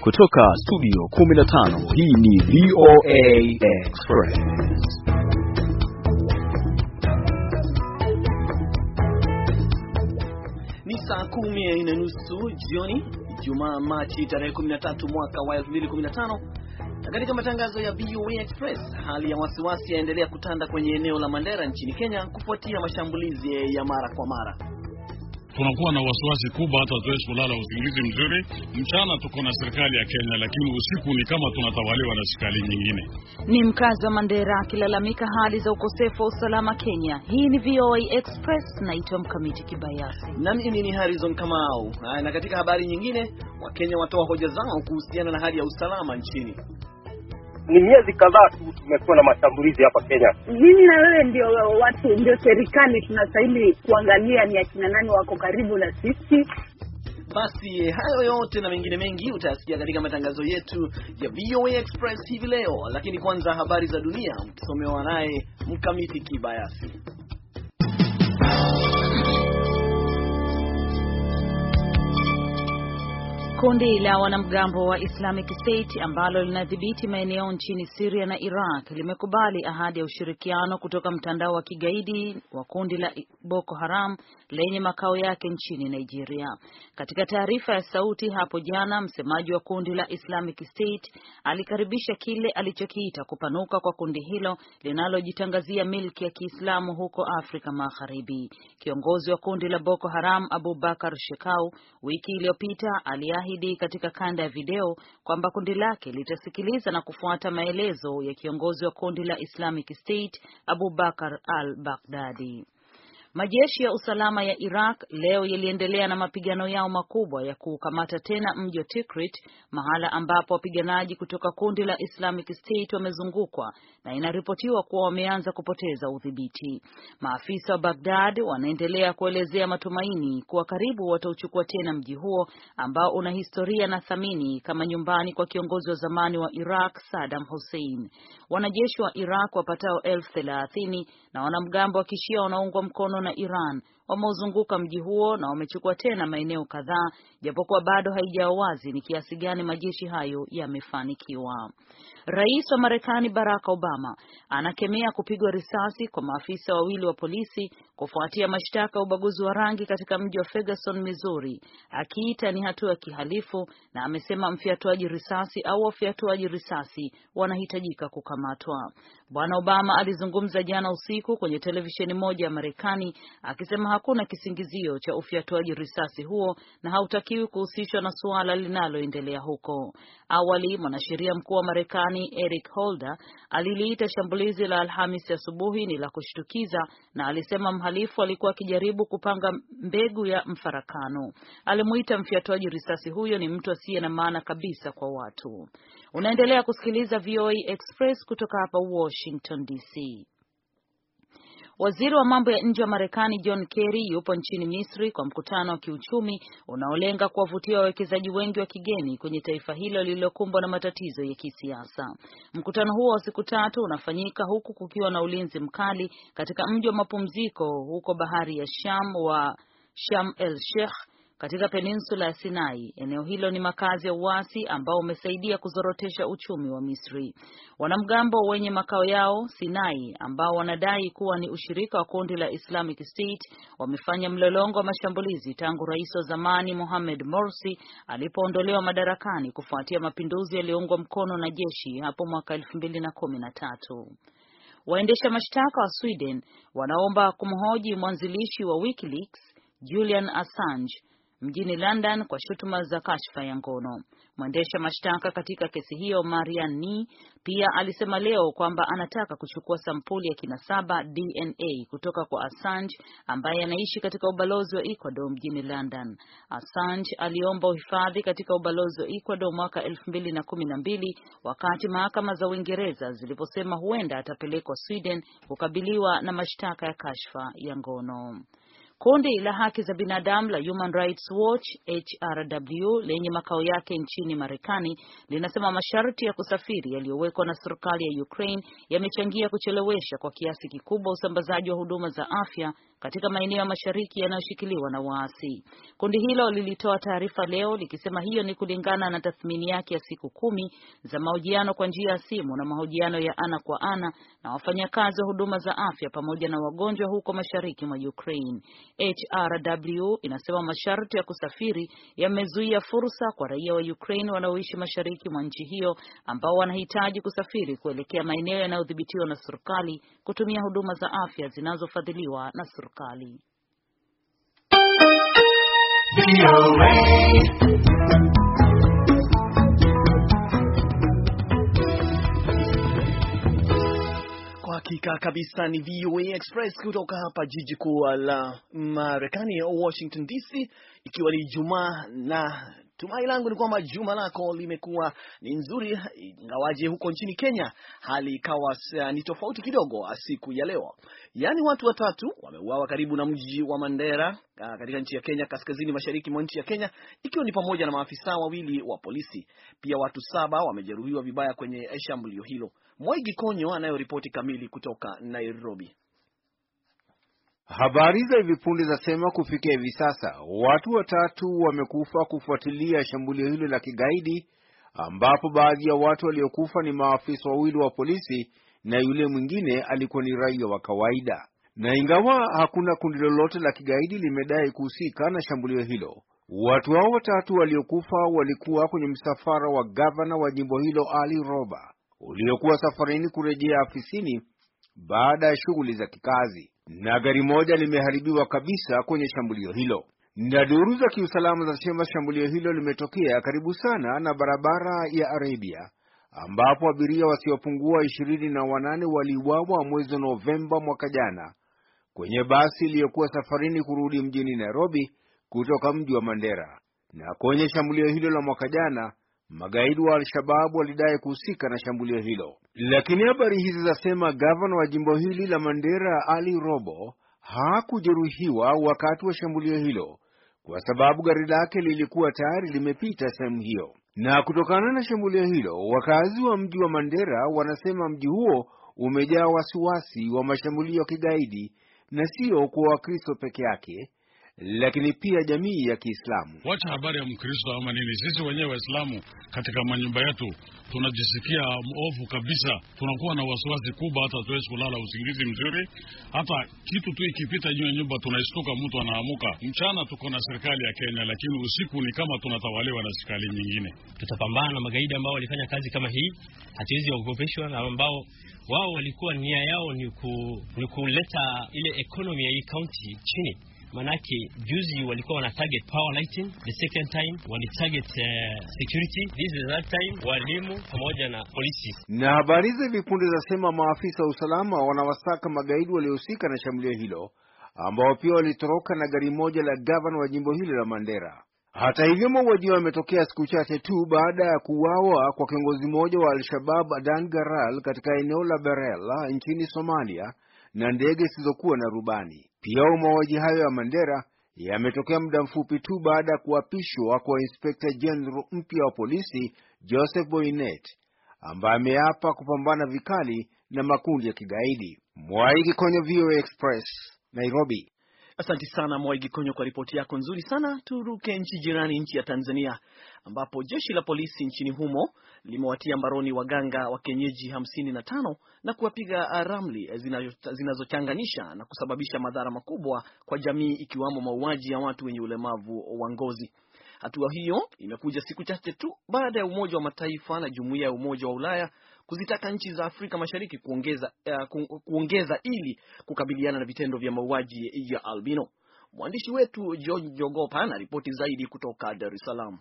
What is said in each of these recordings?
Kutoka studio 15 hii ni VOA Express. Ni saa kumi na nusu jioni Jumaa Machi tarehe 13 mwaka wa 2015. Na katika matangazo ya VOA Express, hali ya wasiwasi yaendelea kutanda kwenye eneo la Mandera nchini Kenya kufuatia mashambulizi ya mara kwa mara tunakuwa na wasiwasi kubwa, hata tuwezi kulala usingizi mzuri. Mchana tuko na serikali ya Kenya, lakini usiku ni kama tunatawaliwa na serikali nyingine. Ni mkazi wa Mandera akilalamika hali za ukosefu wa usalama Kenya. Hii ni VOA Express, naitwa Mkamiti Kibayasi na mimi ni Harrison Kamau. Na katika habari nyingine, Wakenya watoa hoja zao kuhusiana na hali ya usalama nchini ni miezi kadhaa tu tumekuwa na mashambulizi hapa Kenya. Mimi na wewe ndio watu, ndio serikali tunastahili kuangalia ni akina nani wako karibu na sisi. Basi eh, hayo yote na mengine mengi utayasikia katika matangazo yetu ya VOA Express hivi leo, lakini kwanza habari za dunia mkisomewa naye Mkamiti Kibayasi. Kundi la wanamgambo wa Islamic State ambalo linadhibiti maeneo nchini Syria na Iraq limekubali ahadi ya ushirikiano kutoka mtandao wa kigaidi wa kundi la Boko Haram lenye makao yake nchini Nigeria. Katika taarifa ya sauti hapo jana, msemaji wa kundi la Islamic State alikaribisha kile alichokiita kupanuka kwa kundi hilo linalojitangazia milki ya Kiislamu huko Afrika Magharibi. Kiongozi wa kundi la Boko Haram Abu Bakar Shekau wiki iliyopita alia ameahidi katika kanda ya video kwamba kundi lake litasikiliza na kufuata maelezo ya kiongozi wa kundi la Islamic State Abu Bakar al-Baghdadi. Majeshi ya usalama ya Iraq leo yaliendelea na mapigano yao makubwa ya kuukamata tena mji wa Tikrit, mahala ambapo wapiganaji kutoka kundi la Islamic State wamezungukwa na inaripotiwa kuwa wameanza kupoteza udhibiti. Maafisa wa Baghdad wanaendelea kuelezea matumaini kuwa karibu watauchukua tena mji huo ambao una historia na thamini kama nyumbani kwa kiongozi wa zamani wa Iraq Saddam Hussein. Wanajeshi wa Iraq wapatao elfu thelathini na wanamgambo wa kishia wanaoungwa mkono na Iran wameuzunguka mji huo na wamechukua tena maeneo kadhaa, japokuwa bado haijawa wazi ni kiasi gani majeshi hayo yamefanikiwa. Rais wa Marekani Barack Obama anakemea kupigwa risasi kwa maafisa wawili wa polisi kufuatia mashtaka ya ubaguzi wa rangi katika mji wa Ferguson, Missouri, akiita ni hatua ya kihalifu na amesema mfiatuaji risasi au wafiatuaji risasi wanahitajika kukamatwa. Bwana Obama alizungumza jana usiku kwenye televisheni moja ya Marekani akisema hakuna kisingizio cha ufiatuaji risasi huo na hautakiwi kuhusishwa na suala linaloendelea huko. Awali mwanasheria mkuu wa Marekani Eric Holder aliliita shambulizi la Alhamisi asubuhi ni la kushtukiza na alisema mhalifu alikuwa akijaribu kupanga mbegu ya mfarakano. Alimuita mfyatuaji risasi huyo ni mtu asiye na maana kabisa kwa watu. Unaendelea kusikiliza VOA Express kutoka hapa Washington DC. Waziri wa mambo ya nje wa Marekani John Kerry yupo nchini Misri kwa mkutano wa kiuchumi unaolenga kuwavutia wawekezaji wengi wa kigeni kwenye taifa hilo lililokumbwa na matatizo ya kisiasa. Mkutano huo wa siku tatu unafanyika huku kukiwa na ulinzi mkali katika mji wa mapumziko huko bahari ya Sham wa Sham El Sheikh katika peninsula ya Sinai. Eneo hilo ni makazi ya uasi ambao umesaidia kuzorotesha uchumi wa Misri. Wanamgambo wenye makao yao Sinai, ambao wanadai kuwa ni ushirika wa kundi la Islamic State, wamefanya mlolongo wa mashambulizi tangu rais wa zamani Mohamed Morsi alipoondolewa madarakani kufuatia mapinduzi yaliyoungwa mkono na jeshi hapo mwaka 2013. Waendesha mashtaka wa Sweden wanaomba kumhoji mwanzilishi wa WikiLeaks Julian Assange mjini London kwa shutuma za kashfa ya ngono. Mwendesha mashtaka katika kesi hiyo Marian ni pia alisema leo kwamba anataka kuchukua sampuli ya kinasaba DNA kutoka kwa Assange ambaye anaishi katika ubalozi wa Ecuador mjini London. Assange aliomba uhifadhi katika ubalozi wa Ecuador mwaka 2012 wakati mahakama za Uingereza ziliposema huenda atapelekwa Sweden kukabiliwa na mashtaka ya kashfa ya ngono. Kundi la haki za binadamu la Human Rights Watch HRW lenye makao yake nchini Marekani linasema masharti ya kusafiri yaliyowekwa na serikali ya Ukraine yamechangia kuchelewesha kwa kiasi kikubwa usambazaji wa huduma za afya katika maeneo ya mashariki yanayoshikiliwa na waasi. Kundi hilo lilitoa taarifa leo likisema hiyo ni kulingana na tathmini yake ya siku kumi za mahojiano kwa njia ya simu na mahojiano ya ana kwa ana na wafanyakazi wa huduma za afya pamoja na wagonjwa huko mashariki mwa Ukraine. HRW inasema masharti ya kusafiri yamezuia fursa kwa raia wa Ukraine wanaoishi mashariki mwa nchi hiyo ambao wanahitaji kusafiri kuelekea maeneo yanayodhibitiwa na serikali kutumia huduma za afya zinazofadhiliwa na serikali. Kali. Hakika kabisa ni VOA Express kutoka hapa jiji kuu la Marekani, Washington DC, ikiwa ni Ijumaa na Tumai langu ni kwamba juma lako limekuwa ni nzuri, ingawaje huko nchini Kenya hali ikawa eh, ni tofauti kidogo siku ya leo. Yaani watu watatu wameuawa karibu na mji wa Mandera katika nchi ya Kenya, kaskazini mashariki mwa nchi ya Kenya, ikiwa ni pamoja na maafisa wawili wa polisi. Pia watu saba wamejeruhiwa vibaya kwenye shambulio hilo. Mwaigi Konyo anayoripoti kamili kutoka Nairobi. Habari za hivi punde zasema kufikia hivi sasa watu watatu wamekufa kufuatilia shambulio hilo la kigaidi, ambapo baadhi ya watu waliokufa ni maafisa wawili wa polisi na yule mwingine alikuwa ni raia wa kawaida. Na ingawa hakuna kundi lolote la kigaidi limedai kuhusika na shambulio hilo, watu hao watatu waliokufa walikuwa kwenye msafara wa gavana wa jimbo hilo Ali Roba uliokuwa safarini kurejea afisini baada ya shughuli za kikazi na gari moja limeharibiwa kabisa kwenye shambulio hilo, na duru za kiusalama zinasema shambulio hilo limetokea karibu sana na barabara ya Arabia ambapo abiria wasiopungua ishirini na wanane waliuawa mwezi Novemba mwaka jana kwenye basi iliyokuwa safarini kurudi mjini Nairobi kutoka mji wa Mandera. Na kwenye shambulio hilo la mwaka jana Magaidi wa Al-Shababu walidai kuhusika na shambulio hilo, lakini habari hizi zasema gavana wa jimbo hili la Mandera Ali Robo hakujeruhiwa wakati wa shambulio hilo kwa sababu gari lake lilikuwa tayari limepita sehemu hiyo. Na kutokana na shambulio hilo, wakazi wa mji wa Mandera wanasema mji huo umejaa wasiwasi wa mashambulio ya kigaidi na sio kwa Wakristo peke yake lakini pia jamii ya Kiislamu. Wacha habari ya Mkristo ama nini, sisi wenyewe Waislamu katika manyumba yetu tunajisikia ofu kabisa, tunakuwa na wasiwasi kubwa, hata tuwezi kulala usingizi mzuri. Hata kitu tu ikipita juu ya nyumba tunaistuka, mtu anaamuka. Mchana tuko na serikali ya Kenya, lakini usiku ni kama tunatawaliwa na serikali nyingine. Tutapambana na magaidi ambao walifanya kazi kama hii, hatuwezi waogopeshwa na ambao wao walikuwa nia yao ni kuleta ile ekonomi ya hii kaunti chini manake juzi walikuwa wana target power lighting, the second time wali target uh, security, this is that time walimu pamoja na polisi. Na habari hizi vikundi zasema maafisa wa usalama wanawasaka magaidi waliohusika na shambulio hilo ambao pia walitoroka na gari moja la gavana wa jimbo hilo la Mandera. Hata hivyo mauaji yametokea siku chache tu baada ya kuuawa kwa kiongozi mmoja wa Al-Shabab Adan Garal katika eneo la Berela nchini Somalia, na ndege zisizokuwa na rubani. Pia mauaji hayo ya Mandera yametokea muda mfupi tu baada ya kuapishwa kwa inspekta jenerali mpya wa polisi Joseph Boynet ambaye ameapa kupambana vikali na makundi ya kigaidi. Mwaiki kwenye VOA Express, Nairobi. Asante sana Mwaigi Konyo kwa ripoti yako nzuri sana. Turuke nchi jirani, nchi ya Tanzania, ambapo jeshi la polisi nchini humo limewatia mbaroni waganga wa kienyeji hamsini na tano na kuwapiga ramli zinazochanganisha na kusababisha madhara makubwa kwa jamii ikiwamo mauaji ya watu wenye ulemavu wa ngozi. Hatua hiyo imekuja siku chache tu baada ya Umoja wa Mataifa na Jumuiya ya Umoja wa Ulaya kuzitaka nchi za Afrika Mashariki kuongeza, uh, kuongeza ili kukabiliana na vitendo vya mauaji ya albino. Mwandishi wetu George Jogopa ana ripoti zaidi kutoka Dar es Salaam.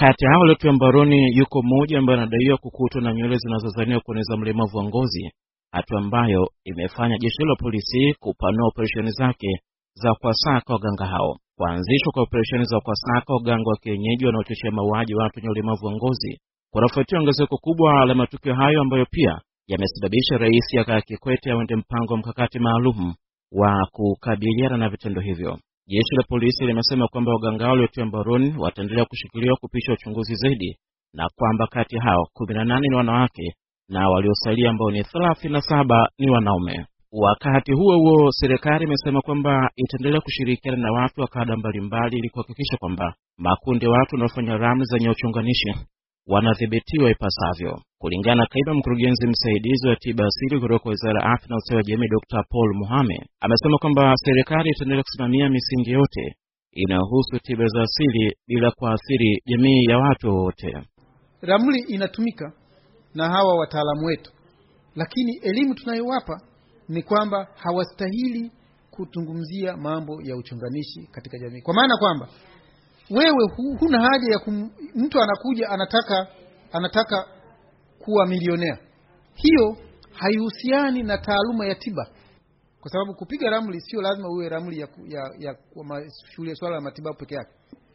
Kati ya hao waliotiwa mbaroni yuko mmoja ambaye anadaiwa kukutwa na nywele zinazozaniwa kueneza mlemavu wa ngozi, hatua ambayo imefanya jeshi la polisi kupanua operesheni zake za kuwasaka waganga hao. Kuanzishwa kwa operesheni za kuwasaka waganga wa kienyeji wanaochochea mauaji watu wenye ulemavu wa ngozi kunafuatia ongezeko kubwa la matukio hayo ambayo pia yamesababisha Rais Jakaya Kikwete awende mpango wa mkakati maalum wa kukabiliana na vitendo hivyo. Jeshi la polisi limesema kwamba waganga hao waliotiwa mbaroni wataendelea kushikiliwa kupisha uchunguzi zaidi, na kwamba kati hao 18 ni wanawake na waliosalia ambao ni saba ni wanaume. Wakati huo huo, serikali imesema kwamba itaendelea kushirikiana na watu wa kada mbalimbali ili kuhakikisha kwamba makundi ya watu wanaofanya ramli zenye uchunganishi wanadhibitiwa ipasavyo. Kulingana na kaimu mkurugenzi msaidizi wa tiba asili kutoka wizara ya afya na ustawi wa jamii, Dr Paul Muhamed amesema kwamba serikali itaendelea kusimamia misingi yote inayohusu tiba za asili bila kuathiri jamii ya watu wowote. Ramli inatumika na hawa wataalamu wetu, lakini elimu tunayowapa ni kwamba hawastahili kuzungumzia mambo ya uchunganishi katika jamii, kwa maana kwamba wewe hu, huna haja ya kum, mtu anakuja anataka anataka kuwa milionea hiyo haihusiani na taaluma ya tiba kwa sababu kupiga ramli sio lazima uwe ramli ya, ya, ya, ya swala la matibabu peke yake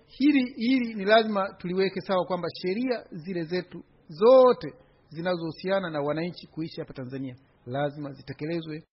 hili hili ni lazima tuliweke sawa kwamba sheria zile zetu zote zinazohusiana na wananchi kuishi hapa Tanzania lazima zitekelezwe.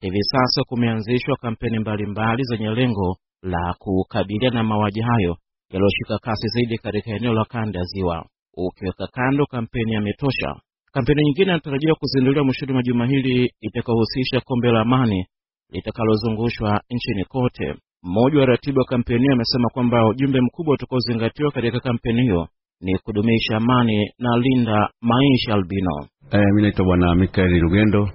Hivi sasa kumeanzishwa kampeni mbalimbali zenye lengo la kukabiliana na mauaji hayo yaliyoshika kasi zaidi katika eneo la kanda ya Ziwa. Ukiweka kando kampeni ya Metosha, kampeni nyingine inatarajiwa kuzinduliwa mwishoni mwa juma hili itakayohusisha kombe la amani litakalozungushwa nchini kote. Mmoja wa ratibu wa kampeni hiyo amesema kwamba ujumbe mkubwa utakaozingatiwa katika kampeni hiyo ni kudumisha amani na linda maisha albino. Eh, mi naitwa Bwana Mikaeli Lugendo,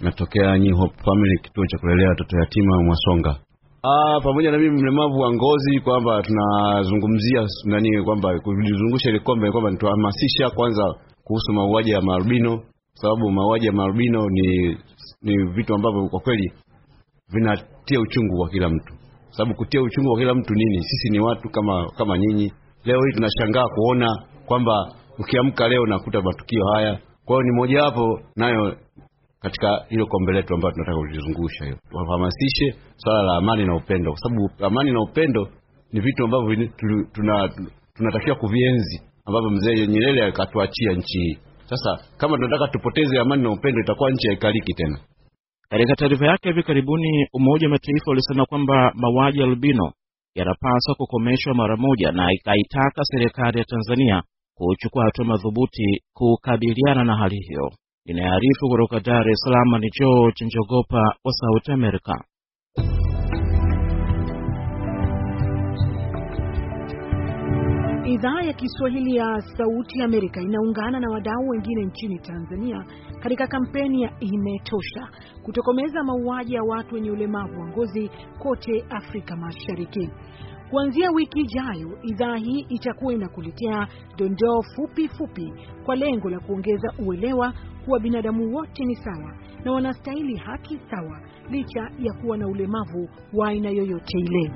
natokea New Hope Family, kituo cha kulelea watoto yatima Mwasonga. Ah, pamoja na mimi mlemavu wa ngozi kwamba tunazungumzia nani, kwamba kujizungusha ile kombe kwamba nituhamasisha kwanza kuhusu mauaji ya marubino, sababu mauaji ya marubino ni ni vitu ambavyo kwa kweli vinatia uchungu kwa kila mtu, sababu kutia uchungu kwa kila mtu nini? Sisi ni watu kama kama nyinyi. Leo hii tunashangaa kuona kwamba ukiamka leo nakuta matukio haya, kwa hiyo ni mojawapo nayo katika hilo kombe letu ambayo tunataka kulizungusha hiyo, wahamasishe swala la amani na upendo, kwa sababu amani na upendo ni vitu ambavyo tunatakiwa tuna, kuvienzi ambavyo mzee Nyerere akatuachia nchi hii. Sasa kama tunataka tupoteze amani na upendo, itakuwa nchi haikaliki tena. Katika taarifa yake hivi karibuni, Umoja wa Mataifa ulisema kwamba mawaji albino yanapaswa kukomeshwa mara moja, na ikaitaka serikali ya Tanzania kuchukua hatua madhubuti kukabiliana na hali hiyo. Inayoarifu kutoka Dar es Salaam ni George Njogopa wa Sauti Amerika. Idhaa ya Kiswahili ya Sauti Amerika inaungana na wadau wengine nchini Tanzania katika kampeni ya Imetosha kutokomeza mauaji ya watu wenye ulemavu wa ngozi kote Afrika Mashariki. Kuanzia wiki ijayo, idhaa hii itakuwa inakuletea dondoo fupi fupi kwa lengo la kuongeza uelewa kuwa binadamu wote ni sawa na wanastahili haki sawa licha ya kuwa na ulemavu wa aina yoyote ile.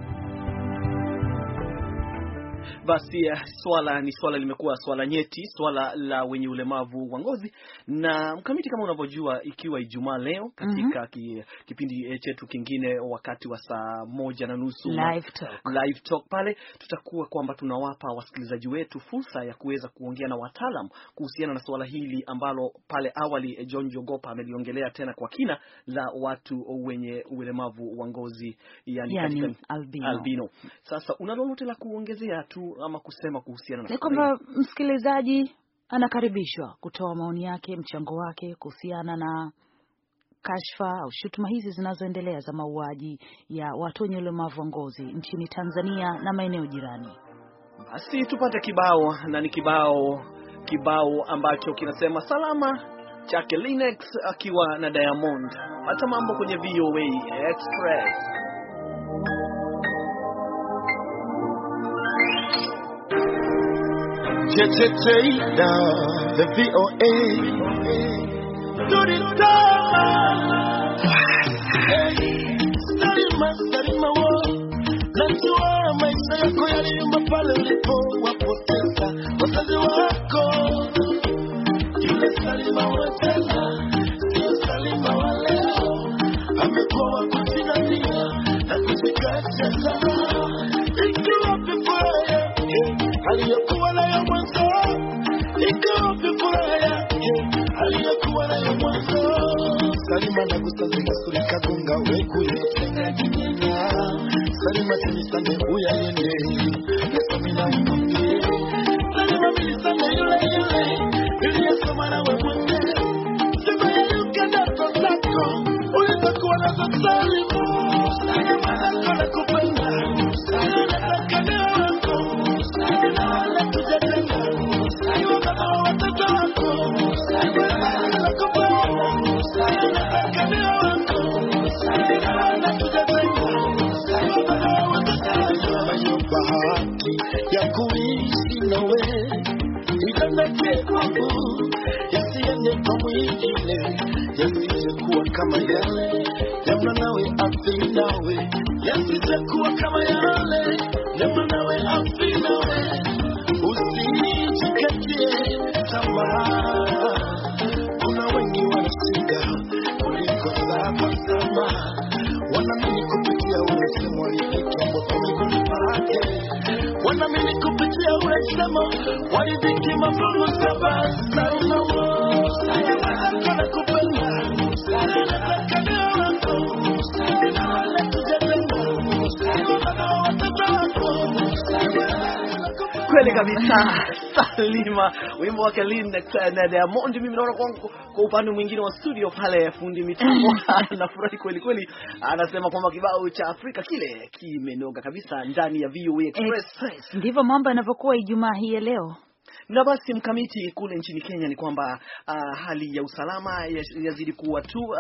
Basi eh, swala ni swala limekuwa swala nyeti, swala la wenye ulemavu wa ngozi. Na mkamiti, kama unavyojua, ikiwa Ijumaa leo mhm. katika mm -hmm. kipindi eh, chetu kingine wakati wa saa moja na nusu live talk, live talk pale tutakuwa kwamba tunawapa wasikilizaji wetu fursa ya kuweza kuongea na wataalam kuhusiana na swala hili ambalo pale awali eh, John Jogopa ameliongelea tena kwa kina la watu wenye ulemavu wa ngozi yani, yani albino. Albino. Sasa una lolote la kuongezea tu ama kusema kuhusiana na ni kwamba msikilizaji anakaribishwa kutoa maoni yake, mchango wake kuhusiana na kashfa au shutuma hizi zinazoendelea za mauaji ya watu wenye ulemavu wa ngozi nchini Tanzania na maeneo jirani. Basi tupate kibao, na ni kibao kibao ambacho kinasema salama chake linux akiwa na Diamond. Pata mambo kwenye VOA Express. the VOA. Study Study my study my world. Let you are my son, query my family for you are called? You You study my wallet. I'm a poor consider. That's what you furaha yake aliyokuwa na yasije kama yale, nema nawe afi nawe, yasije kuwa kama yale, nema nawe afi nawe, usijikatie tamaa. Kuna wengi wanashinda kuliko zama zama, wanaamini kupitia umesemo lilikiambo kumiguni parake, wanaamini kupitia umesemo walidiki mafumbo saba na unawo wanakupita kweli kabisa Salima, wimbo wake na Diamond. Mimi naona kwa upande mwingine wa studio pale, fundi mitambo mm. anafurahi kweli kweli, anasema kwamba kibao cha Afrika kile kimenoga kabisa ndani ya VOA Express. Ndivyo mambo yanavyokuwa Ijumaa hii leo. Na basi mkamiti kule nchini Kenya ni kwamba uh, hali ya usalama yazidi kuwa tu uh,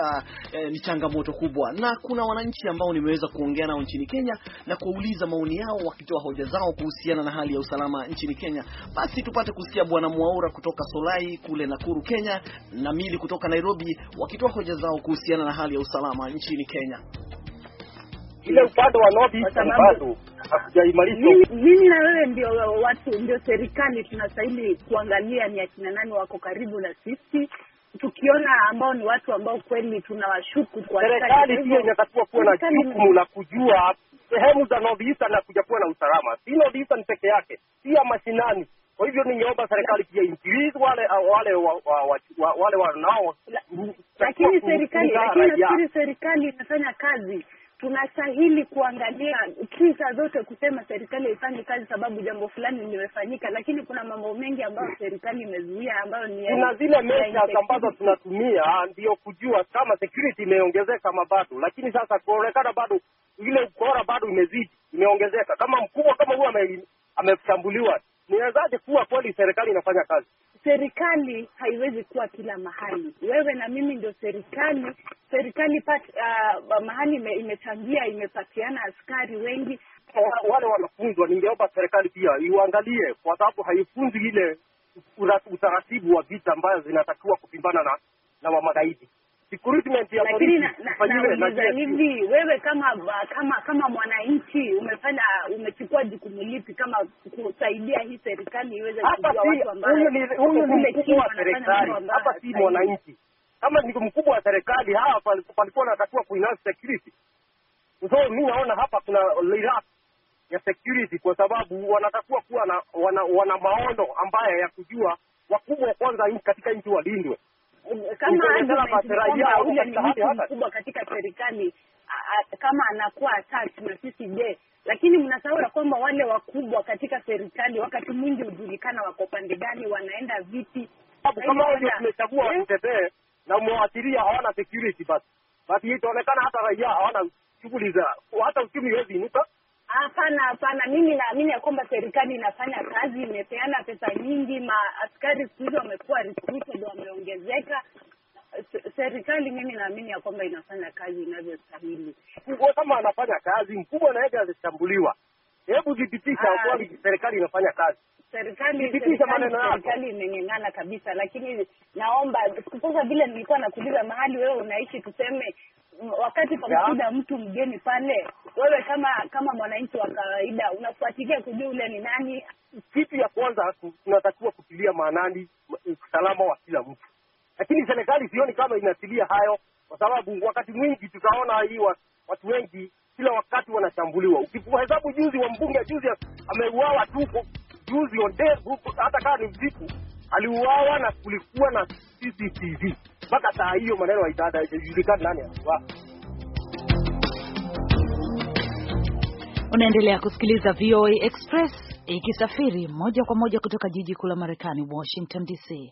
eh, ni changamoto kubwa, na kuna wananchi ambao nimeweza kuongea nao nchini Kenya na kuwauliza maoni yao wakitoa hoja zao kuhusiana na hali ya usalama nchini Kenya. Basi tupate kusikia Bwana Mwaura kutoka Solai kule Nakuru, Kenya na Mili kutoka Nairobi wakitoa hoja zao kuhusiana na hali ya usalama nchini Kenya. Ile upande wa North bado hatujaimarisha. Mimi na wewe ndio watu, ndio serikali tunastahili kuangalia ni akina nani wako karibu na sisi tukiona ambao ni watu ambao kweli tunawashuku. Serikali pia inatakiwa kuwa na jukumu la kujua sehemu za North na kuja kuwa na usalama, si North Eastern peke yake, pia mashinani. Kwa hivyo ningeomba serikali pia inkilize wale uh, wale wale wanao, lakini serikali, lakini nafikiri serikali inafanya kazi tunastahili kuangalia kisa zote kusema serikali haifanye kazi sababu jambo fulani limefanyika, lakini kuna mambo mengi ambayo serikali imezuia ambayo ni kuna zile measures ambazo tunatumia ndio kujua kama security imeongezeka ama bado, lakini sasa kuonekana bado ile ukora bado imezidi imeongezeka. Kama mkubwa kama huyu ameshambuliwa Niwezaje kuwa kweli serikali inafanya kazi? Serikali haiwezi kuwa kila mahali. Wewe na mimi ndio serikali. Serikali pat, uh, mahali ime, imechangia imepatiana askari wengi wale wanafunzwa. Ningeomba serikali pia iuangalie, kwa sababu haifunzi ile utaratibu wa vita ambayo zinatakiwa kupimbana na na wamagaidi recruitment ya lakini na, na, na hivi wewe kama kama kama mwananchi umefanya umechukua jukumu lipi kama kusaidia hii serikali iweze kujua watu ambao huyu ni mkuu wa serikali hapa, si mwananchi. Kama ni mkubwa wa serikali, hawa palikuwa natakiwa kuinance security. So mimi naona hapa kuna lack ya security, kwa sababu wanatakiwa kuwa na wana, wana maono ambaye ya kujua wakubwa kwanza katika nchi walindwe kama mkubwa katika serikali kama anakuwa attached na sisi, je, lakini mnasahau ya kwamba wale wakubwa katika serikali wakati mwingi hujulikana wako pande gani, wanaenda vipi? Kama wao tumechagua eh? na umewaathiria, hawana security, basi basi itaonekana hata raia hawana shughuli za hata uchumi huwezi inuka Hapana, hapana, mimi naamini ya kwamba serikali inafanya kazi, imepeana pesa nyingi, maaskari siku hizi wamekuwa recruited, wameongezeka. Serikali mimi naamini ya kwamba inafanya kazi inavyostahili. Kama anafanya kazi mkubwa na yeye alishambuliwa, hebu thibitisha ah. kwa serikali inafanya kazi. Serikali serikali imeng'eng'ana kabisa, lakini naomba sasa, vile nilikuwa nakuuliza mahali wewe unaishi, tuseme wakati pamekuja mtu mgeni pale wewe kama kama mwananchi wa kawaida unafuatilia kujua ule ni nani? Kitu ya kwanza tunatakiwa kutilia maanani eh, usalama wa kila mtu, lakini serikali sioni kama inatilia hayo, kwa sababu wakati mwingi tutaona hii watu wengi kila wakati wanashambuliwa. Ukihesabu juzi wa mbunge juzi ameuawa tu juzi ondevu, hata kama ni usiku aliuawa, na kulikuwa na CCTV mpaka saa hiyo, maneno haijulikani nani aliuawa. Unaendelea kusikiliza VOA Express ikisafiri moja kwa moja kutoka jiji kuu la Marekani, Washington DC.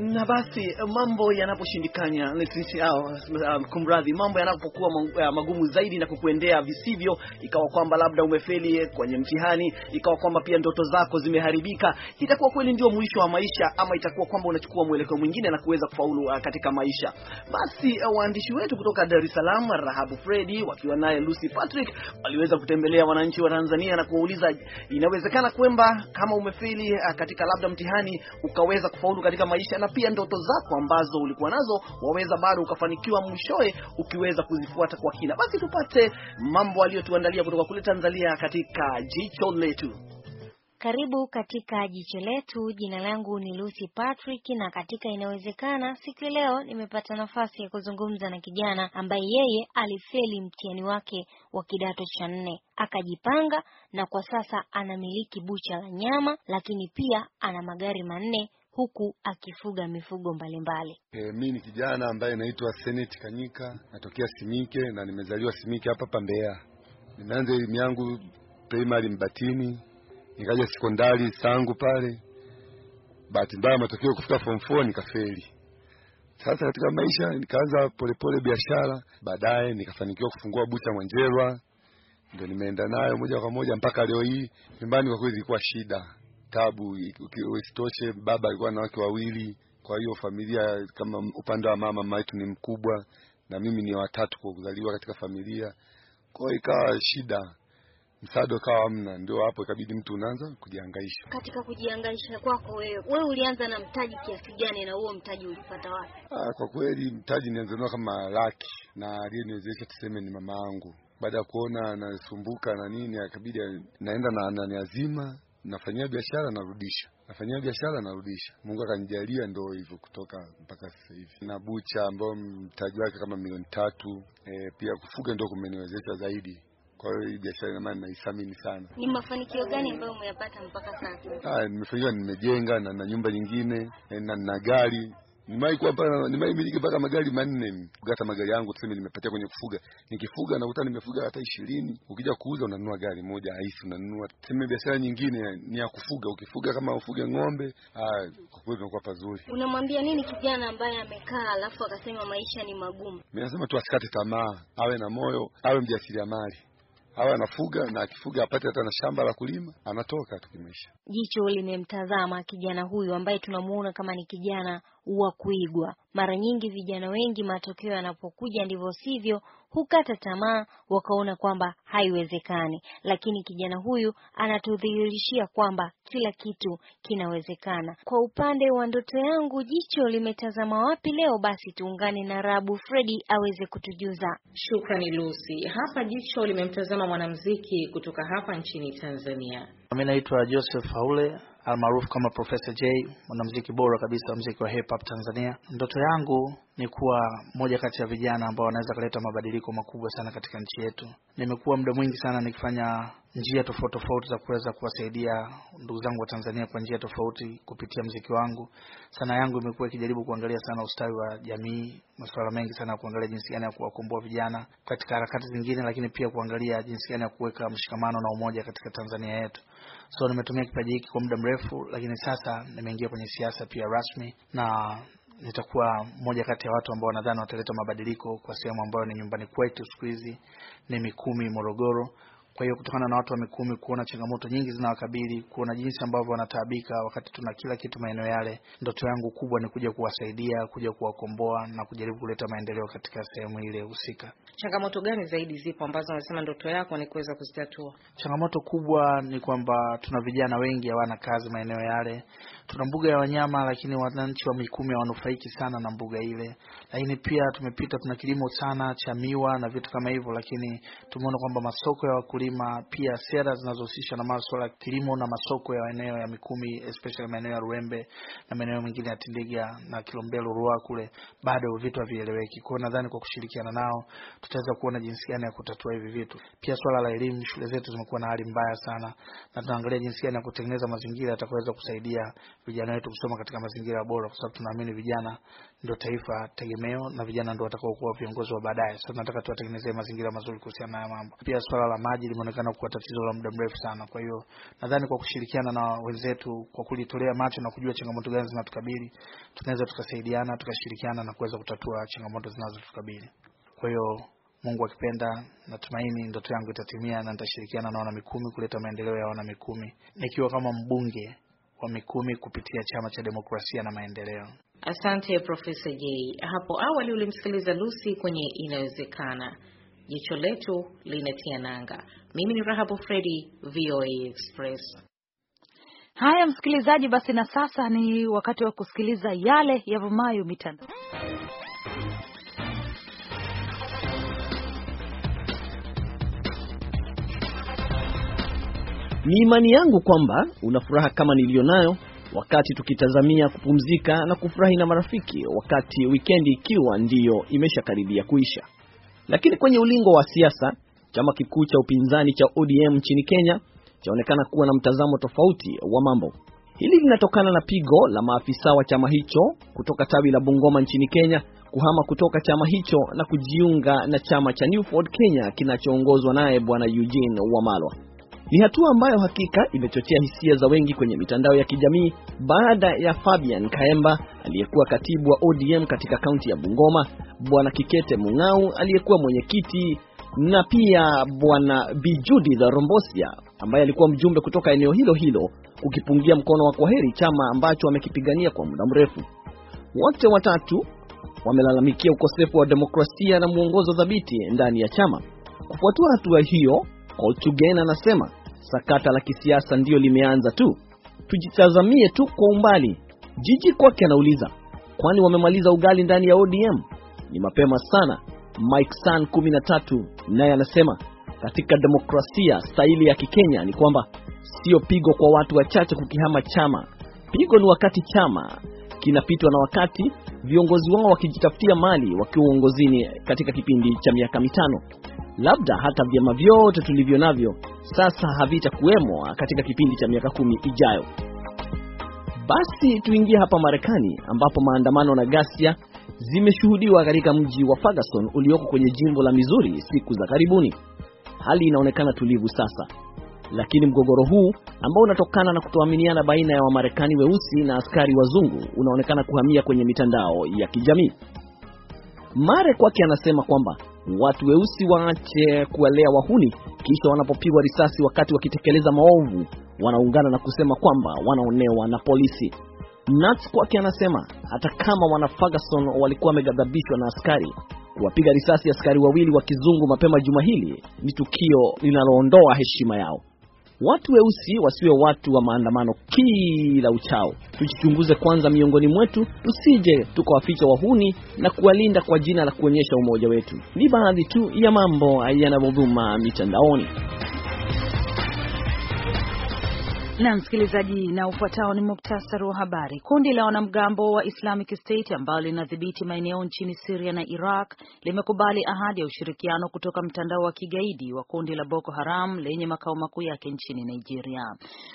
na basi, eh, mambo yanaposhindikana, um, kumradhi, mambo yanapokuwa eh, magumu zaidi na kukuendea visivyo, ikawa kwamba labda umefeli eh, kwenye mtihani, ikawa kwamba pia ndoto zako zimeharibika, itakuwa kweli ndio mwisho wa maisha, ama itakuwa kwamba unachukua mwelekeo mwingine na kuweza kufaulu uh, katika maisha. Basi waandishi wetu kutoka Dar es Salaam, Rahabu Fredi wakiwa naye Lucy Patrick, waliweza kutembelea wananchi wa Tanzania na kuwauliza inawezekana kwamba kama umefeli katika labda mtihani ukaweza kufaulu katika maisha na na pia ndoto zako ambazo ulikuwa nazo waweza bado ukafanikiwa mwishowe ukiweza kuzifuata kwa kina. Basi tupate mambo aliyotuandalia kutoka kule Tanzania katika jicho letu. Karibu katika jicho letu. Jina langu ni Lucy Patrick, na katika inawezekana siku ya leo nimepata nafasi ya kuzungumza na kijana ambaye yeye alifeli mtihani wake wa kidato cha nne, akajipanga na kwa sasa anamiliki bucha la nyama, lakini pia ana magari manne huku akifuga mifugo mbalimbali. E, mi ni kijana ambaye naitwa Senate Kanyika, natokea Simike na nimezaliwa Simike hapa hapa Mbeya. Nimeanza elimu yangu primary Mbatini, nikaja sekondari Sangu pale. Bahati mbaya matokeo kufika form 4 nikafeli. Sasa katika maisha nikaanza polepole biashara, baadaye nikafanikiwa kufungua bucha Mwanjerwa, ndio nimeenda nayo moja kwa moja mpaka leo hii. Nyumbani kwa kweli ilikuwa shida tabu. Isitoshe, baba alikuwa na wake wawili, kwa hiyo familia kama upande wa mama, mama yetu ni mkubwa na mimi ni watatu kwa kuzaliwa katika familia, kwa hiyo ikawa shida msaada ukawa hamna, ndio hapo ikabidi mtu unaanza kujihangaisha. Katika kujihangaisha kwako wewe, wewe ulianza na mtaji kiasi gani, na huo mtaji ulipata wapi? Ah, kwa kweli mtaji nianza nao kama laki, na aliyeniwezesha tuseme ni mama yangu. Baada ya kuona anasumbuka na nini, akabidi naenda na ananiazima nafanyia biashara narudisha, nafanyia biashara narudisha. Mungu akanijalia ndo hivyo kutoka mpaka sasa hivi, na bucha ambayo mtaji wake kama milioni tatu. E, pia kufuga ndo kumeniwezesha zaidi. Kwa hiyo hii biashara ina maana naithamini sana. Ni mafanikio gani ambayo umeyapata mpaka sasa? Ah, nimefanikiwa, nimejenga na na nyumba nyingine e, na na gari Nimai kwa hapa nimai miliki mpaka magari manne. Hata magari yangu tuseme nimepatia kwenye kufuga. Nikifuga nakuta nimefuga hata 20. Ukija kuuza unanunua gari moja haisi unanunua. Tuseme biashara nyingine ni ya kufuga. Ukifuga kama ufuge ng'ombe, ah, kwa kweli inakuwa pazuri. Unamwambia nini kijana ambaye amekaa alafu akasema maisha ni magumu? Mimi nasema tu asikate tamaa, awe na moyo, awe mjasiriamali awe anafuga na akifuga apate hata na shamba la kulima, anatoka tukimaisha. Jicho limemtazama kijana huyu ambaye tunamuona kama ni kijana wa kuigwa. Mara nyingi vijana wengi matokeo yanapokuja ndivyo sivyo hukata tamaa, wakaona kwamba haiwezekani. Lakini kijana huyu anatudhihirishia kwamba kila kitu kinawezekana. Kwa upande wa ndoto yangu, jicho limetazama wapi leo? Basi tuungane na Rabu Fredi aweze kutujuza. Shukrani Lucy. Hapa jicho limemtazama mwanamuziki kutoka hapa nchini Tanzania. Mimi naitwa Joseph Haule almaarufu kama Professor J, mwanamuziki bora kabisa muziki wa hip hop Tanzania. Ndoto yangu ni kuwa moja kati ya vijana ambao wanaweza kuleta mabadiliko makubwa sana katika nchi yetu. Nimekuwa muda mwingi sana nikifanya njia tofauti tofauti za kuweza kuwasaidia ndugu zangu wa Tanzania kwa njia tofauti kupitia mziki wangu. Sana yangu imekuwa ikijaribu kuangalia sana ustawi wa jamii, masuala mengi sana ya kuangalia jinsi gani ya kuwakomboa vijana katika harakati zingine, lakini pia kuangalia jinsi gani ya kuweka mshikamano na umoja katika Tanzania yetu. So nimetumia kipaji hiki kwa muda mrefu, lakini sasa nimeingia kwenye siasa pia rasmi na nitakuwa mmoja kati ya watu ambao nadhani wataleta mabadiliko kwa sehemu ambayo ni nyumbani kwetu siku hizi ni Mikumi, Morogoro. Kwa hiyo kutokana na watu wa Mikumi kuona changamoto nyingi zinawakabili, kuona jinsi ambavyo wanataabika wakati tuna kila kitu maeneo yale, ndoto yangu kubwa ni kuja kuwasaidia, kuja kuwakomboa na kujaribu kuleta maendeleo katika sehemu ile husika. Changamoto gani zaidi zipo ambazo unasema ndoto yako ni kuweza kuzitatua? Changamoto kubwa ni kwamba tuna vijana wengi hawana kazi maeneo yale. Tuna mbuga ya wanyama, lakini wananchi wa Mikumi hawanufaiki sana na mbuga ile. Lakini pia tumepita, tuna kilimo sana cha miwa na vitu kama hivyo, lakini tumeona kwamba masoko ya wakulima kulima, pia sera zinazohusisha na masuala ya kilimo na masoko ya eneo ya Mikumi, especially maeneo ya Ruembe na maeneo mengine ya Tindiga na Kilombero Ruaha kule, bado vitu havieleweki. Kwa hiyo nadhani kwa kushirikiana nao tutaweza kuona jinsi gani ya kutatua hivi vitu. Pia swala la elimu, shule zetu zimekuwa na hali mbaya sana, na tunaangalia jinsi gani ya kutengeneza mazingira yatakayoweza kusaidia vijana wetu kusoma katika mazingira bora, kwa sababu tunaamini vijana ndio taifa tegemeo na vijana ndio watakao kuwa viongozi wa baadaye. Sasa so, tunataka tuwatengenezee mazingira mazuri kuhusiana na mambo. Pia swala la maji limeonekana kuwa tatizo la muda mrefu sana. Kwa hiyo nadhani kwa kushirikiana na wenzetu kwa kulitolea macho na kujua changamoto gani zinatukabili, tunaweza tukasaidiana, tukashirikiana na kuweza kutatua changamoto zinazotukabili. Kwa hiyo Mungu akipenda, natumaini ndoto yangu itatimia na nitashirikiana na wanamikumi kuleta maendeleo ya wanamikumi nikiwa kama mbunge wa Mikumi kupitia Chama cha Demokrasia na Maendeleo. Asante Profesa J. Hapo awali ulimsikiliza Lucy kwenye Inawezekana jicho letu linatia nanga. Mimi ni Rahabu Fredi, VOA Express. Haya msikilizaji, basi na sasa ni wakati wa kusikiliza yale yavumayo mitandao. Ni imani yangu kwamba una furaha kama niliyo nayo wakati tukitazamia kupumzika na kufurahi na marafiki, wakati wikendi ikiwa ndiyo imeshakaribia kuisha. Lakini kwenye ulingo wa siasa, chama kikuu cha upinzani cha ODM nchini Kenya chaonekana kuwa na mtazamo tofauti wa mambo. Hili linatokana na pigo la maafisa wa chama hicho kutoka tawi la Bungoma nchini Kenya kuhama kutoka chama hicho na kujiunga na chama cha New Ford Kenya kinachoongozwa naye Bwana Eugene Wamalwa. Ni hatua ambayo hakika imechochea hisia za wengi kwenye mitandao ya kijamii baada ya Fabian Kaemba aliyekuwa katibu wa ODM katika kaunti ya Bungoma, bwana Kikete Mung'au aliyekuwa mwenyekiti na pia bwana za Rombosia ambaye alikuwa mjumbe kutoka eneo hilo hilo kukipungia mkono wa kwaheri chama ambacho amekipigania kwa muda mrefu. Wote watatu wamelalamikia ukosefu wa demokrasia na mwongozo dhabiti ndani ya chama. Kufuatia hatua hiyo, Call anasema Sakata la kisiasa ndiyo limeanza tu, tujitazamie tu kwa umbali. Jiji kwake anauliza, kwani wamemaliza ugali ndani ya ODM? Ni mapema sana. Mike San 13 naye anasema katika demokrasia staili ya Kikenya ni kwamba sio pigo kwa watu wachache kukihama chama. Pigo ni wakati chama kinapitwa na wakati, viongozi wao wakijitafutia mali wakiwa uongozini katika kipindi cha miaka mitano labda hata vyama vyote tulivyo navyo sasa havitakuwemo katika kipindi cha miaka kumi ijayo. Basi tuingie hapa Marekani ambapo maandamano na gasia zimeshuhudiwa katika mji wa Ferguson ulioko kwenye jimbo la mizuri siku za karibuni. Hali inaonekana tulivu sasa, lakini mgogoro huu ambao unatokana na kutoaminiana baina ya Wamarekani weusi na askari wazungu unaonekana kuhamia kwenye mitandao ya kijamii. Mare kwake anasema kwamba watu weusi waache kuwalea wahuni kisha wanapopigwa risasi wakati wakitekeleza maovu wanaungana na kusema kwamba wanaonewa na polisi. Nats kwake anasema hata kama wana Ferguson walikuwa wameghadhabishwa na askari kuwapiga risasi askari wawili wa kizungu mapema juma hili ni tukio linaloondoa heshima yao watu weusi wasiwe watu wa maandamano kila uchao. Tujichunguze kwanza miongoni mwetu, tusije tukawaficha wahuni na kuwalinda kwa jina la kuonyesha umoja wetu. Ni baadhi tu ya mambo yanavyovuma mitandaoni. Na msikilizaji, na ufuatao ni muktasari wa habari. Kundi la wanamgambo wa Islamic State ambalo linadhibiti maeneo nchini Syria na Iraq limekubali ahadi ya ushirikiano kutoka mtandao wa kigaidi wa kundi la Boko Haram lenye makao makuu yake nchini Nigeria.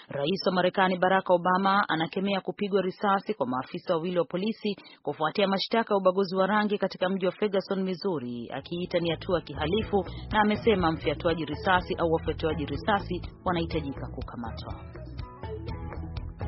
Rais wa Marekani Barack Obama anakemea kupigwa risasi kwa maafisa wawili wa polisi kufuatia mashtaka ya ubaguzi wa rangi katika mji wa Ferguson, Missouri, akiita ni hatua kihalifu, na amesema mfyatuaji risasi au wafyatuaji risasi wanahitajika kukamatwa.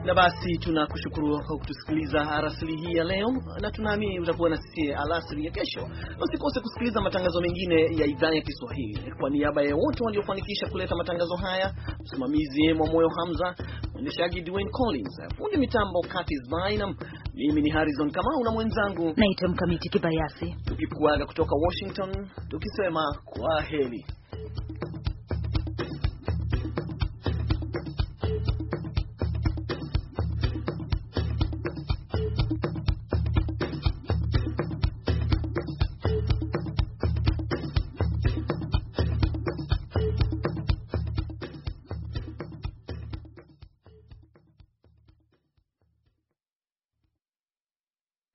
Na basi tunakushukuru kwa kutusikiliza rasili hii ya leo, na tunaamini utakuwa na sisi alasiri ya kesho. Usikose kusikiliza matangazo mengine ya idhaa ya Kiswahili. Kwa niaba ya wote waliofanikisha kuleta matangazo haya, msimamizi mwa moyo Hamza, mwendeshaji Dwayne Collins, fundi mitambo Curtis Bynum, mimi ni Harrison Kamau na mwenzangu naitwa Mkamiti Kibayasi, tukikuaga kutoka Washington tukisema kwa heri.